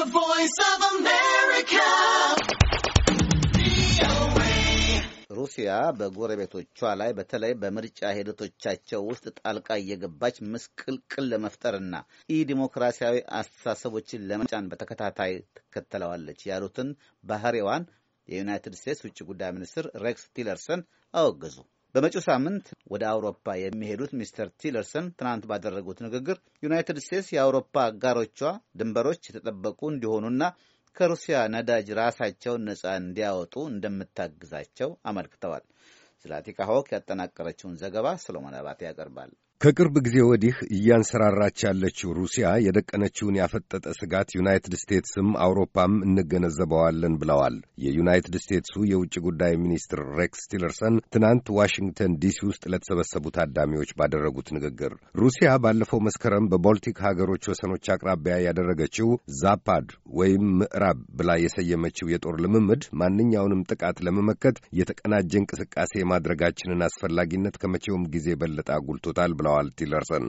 The Voice of America. ሩሲያ በጎረቤቶቿ ላይ በተለይ በምርጫ ሂደቶቻቸው ውስጥ ጣልቃ እየገባች ምስቅልቅል ለመፍጠርና ኢዲሞክራሲያዊ አስተሳሰቦችን ለመጫን በተከታታይ ትከተለዋለች ያሉትን ባህሪዋን የዩናይትድ ስቴትስ ውጭ ጉዳይ ሚኒስትር ሬክስ ቲለርሰን አወገዙ። በመጪው ሳምንት ወደ አውሮፓ የሚሄዱት ሚስተር ቲለርሰን ትናንት ባደረጉት ንግግር ዩናይትድ ስቴትስ የአውሮፓ አጋሮቿ ድንበሮች የተጠበቁ እንዲሆኑና ከሩሲያ ነዳጅ ራሳቸውን ነፃ እንዲያወጡ እንደምታግዛቸው አመልክተዋል። ዝላቲካ ሆክ ያጠናቀረችውን ዘገባ ሰሎሞን አባቴ ያቀርባል። ከቅርብ ጊዜ ወዲህ እያንሰራራች ያለችው ሩሲያ የደቀነችውን ያፈጠጠ ስጋት ዩናይትድ ስቴትስም አውሮፓም እንገነዘበዋለን ብለዋል። የዩናይትድ ስቴትሱ የውጭ ጉዳይ ሚኒስትር ሬክስ ቲለርሰን ትናንት ዋሽንግተን ዲሲ ውስጥ ለተሰበሰቡ ታዳሚዎች ባደረጉት ንግግር ሩሲያ ባለፈው መስከረም በቦልቲክ ሀገሮች ወሰኖች አቅራቢያ ያደረገችው ዛፓድ ወይም ምዕራብ ብላ የሰየመችው የጦር ልምምድ ማንኛውንም ጥቃት ለመመከት የተቀናጀ እንቅስቃሴ ማድረጋችንን አስፈላጊነት ከመቼውም ጊዜ በለጠ አጉልቶታል ብለዋል። ብለዋል ቲለርሰን።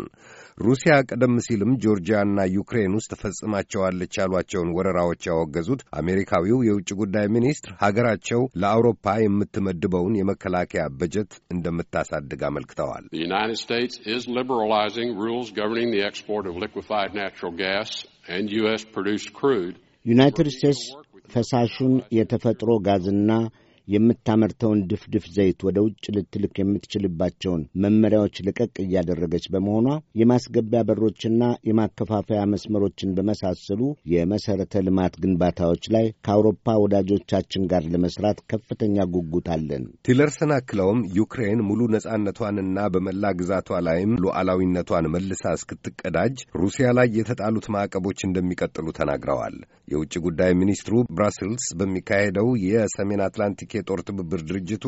ሩሲያ ቀደም ሲልም ጆርጂያና ዩክሬን ውስጥ ፈጽማቸዋለች ያሏቸውን ወረራዎች ያወገዙት አሜሪካዊው የውጭ ጉዳይ ሚኒስትር ሀገራቸው ለአውሮፓ የምትመድበውን የመከላከያ በጀት እንደምታሳድግ አመልክተዋል። ዩናይትድ ስቴትስ ፈሳሹን የተፈጥሮ ጋዝና የምታመርተውን ድፍድፍ ዘይት ወደ ውጭ ልትልክ የምትችልባቸውን መመሪያዎች ልቀቅ እያደረገች በመሆኗ የማስገቢያ በሮችና የማከፋፈያ መስመሮችን በመሳሰሉ የመሠረተ ልማት ግንባታዎች ላይ ከአውሮፓ ወዳጆቻችን ጋር ለመስራት ከፍተኛ ጉጉት አለን። ቲለርሰን አክለውም ዩክሬን ሙሉ ነጻነቷንና በመላ ግዛቷ ላይም ሉዓላዊነቷን መልሳ እስክትቀዳጅ ሩሲያ ላይ የተጣሉት ማዕቀቦች እንደሚቀጥሉ ተናግረዋል። የውጭ ጉዳይ ሚኒስትሩ ብራስልስ በሚካሄደው የሰሜን አትላንቲክ የጦር ትብብር ድርጅቱ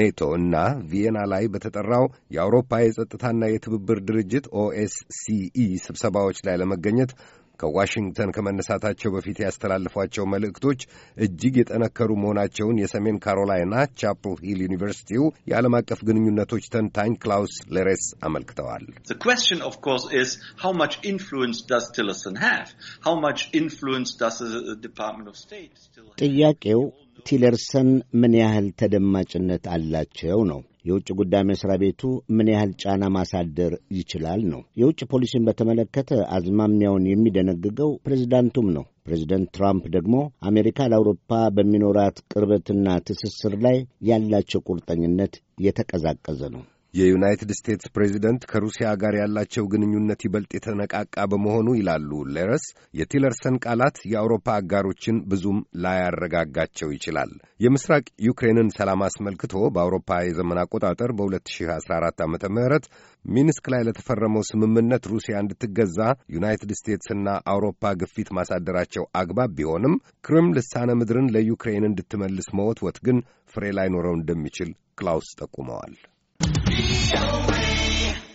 ኔቶ እና ቪየና ላይ በተጠራው የአውሮፓ የጸጥታና የትብብር ድርጅት ኦኤስሲኢ ስብሰባዎች ላይ ለመገኘት ከዋሽንግተን ከመነሳታቸው በፊት ያስተላልፏቸው መልእክቶች እጅግ የጠነከሩ መሆናቸውን የሰሜን ካሮላይና ቻፕል ሂል ዩኒቨርሲቲው የዓለም አቀፍ ግንኙነቶች ተንታኝ ክላውስ ሌሬስ አመልክተዋል። ጥያቄው ቲለርሰን ምን ያህል ተደማጭነት አላቸው ነው። የውጭ ጉዳይ መሥሪያ ቤቱ ምን ያህል ጫና ማሳደር ይችላል ነው። የውጭ ፖሊሲን በተመለከተ አዝማሚያውን የሚደነግገው ፕሬዚዳንቱም ነው። ፕሬዚደንት ትራምፕ ደግሞ አሜሪካ ለአውሮፓ በሚኖራት ቅርበትና ትስስር ላይ ያላቸው ቁርጠኝነት የተቀዛቀዘ ነው። የዩናይትድ ስቴትስ ፕሬዚደንት ከሩሲያ ጋር ያላቸው ግንኙነት ይበልጥ የተነቃቃ በመሆኑ ይላሉ ሌረስ፣ የቲለርሰን ቃላት የአውሮፓ አጋሮችን ብዙም ላያረጋጋቸው ይችላል። የምስራቅ ዩክሬንን ሰላም አስመልክቶ በአውሮፓ የዘመን አቆጣጠር በ2014 ዓ ም ሚንስክ ላይ ለተፈረመው ስምምነት ሩሲያ እንድትገዛ ዩናይትድ ስቴትስና አውሮፓ ግፊት ማሳደራቸው አግባብ ቢሆንም ክሪም ልሳነ ምድርን ለዩክሬን እንድትመልስ መወትወት ግን ፍሬ ላይኖረው እንደሚችል ክላውስ ጠቁመዋል። Show me.